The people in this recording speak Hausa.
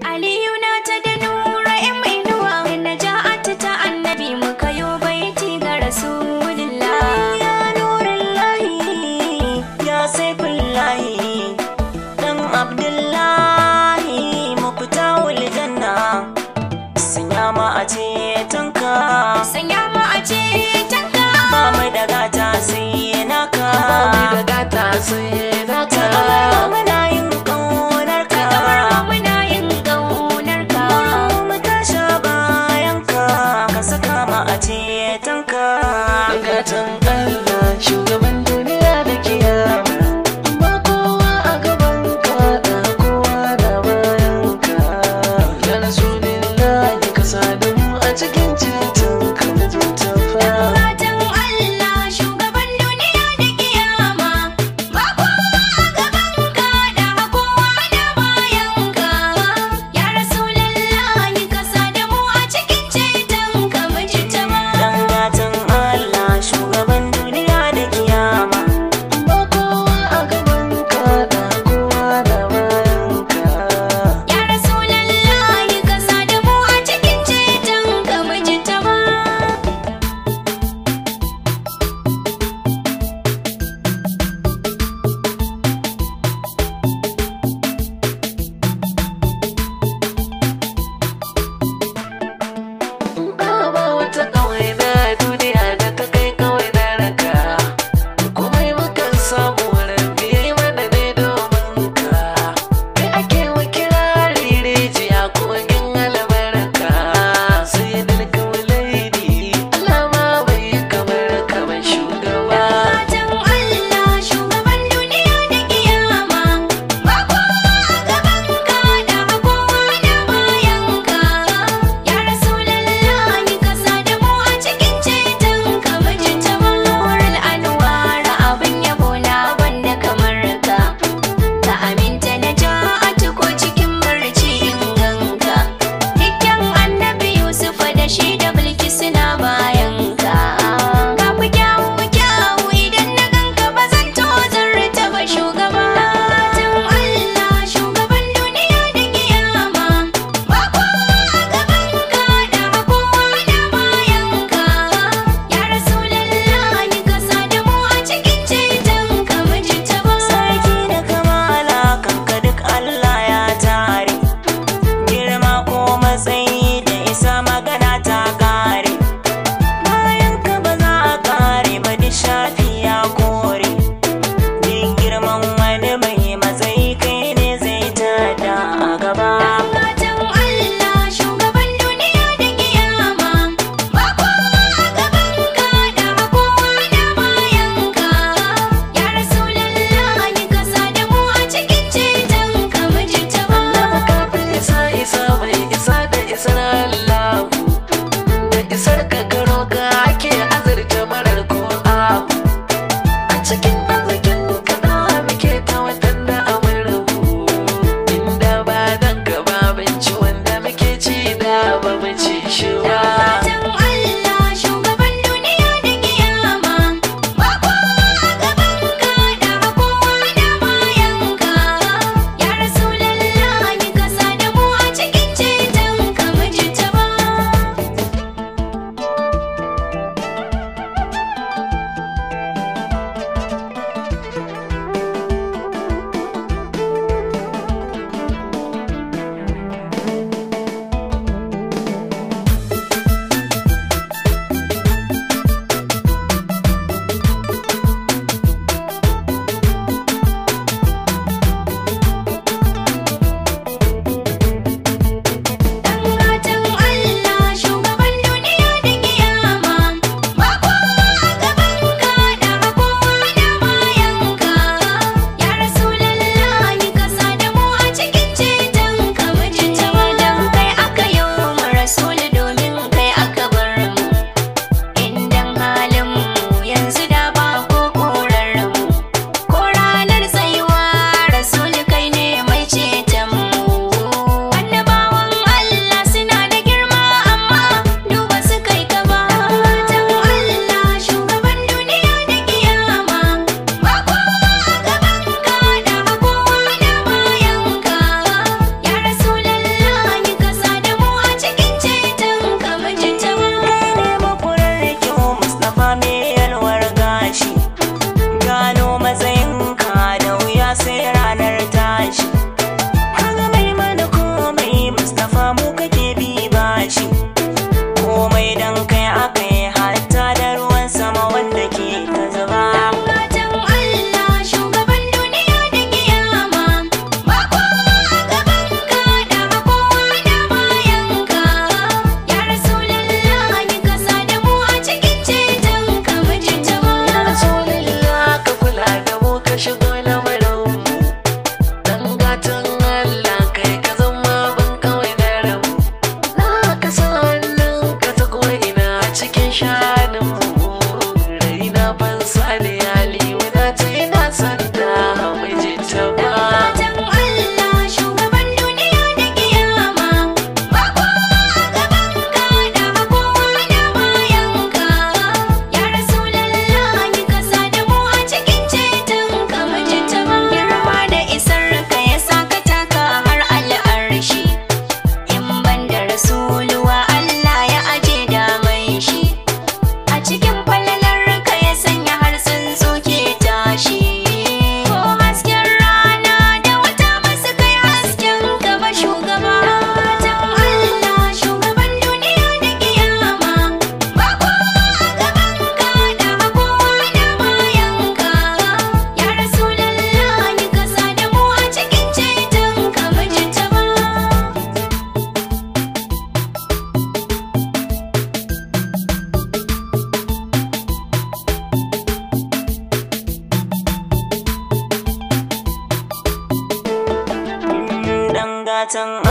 Aliyu na ta da nura in mai nuwa na ja'ata ta annabi muka yo baiti ga rasulullah ya nurin lahi ya saifin lahi dan abdullahi mafita wuli janna sanya ma a ce tanka sanya a ce tanka ba mu da gata sai naka ba mu second going on with you when fatan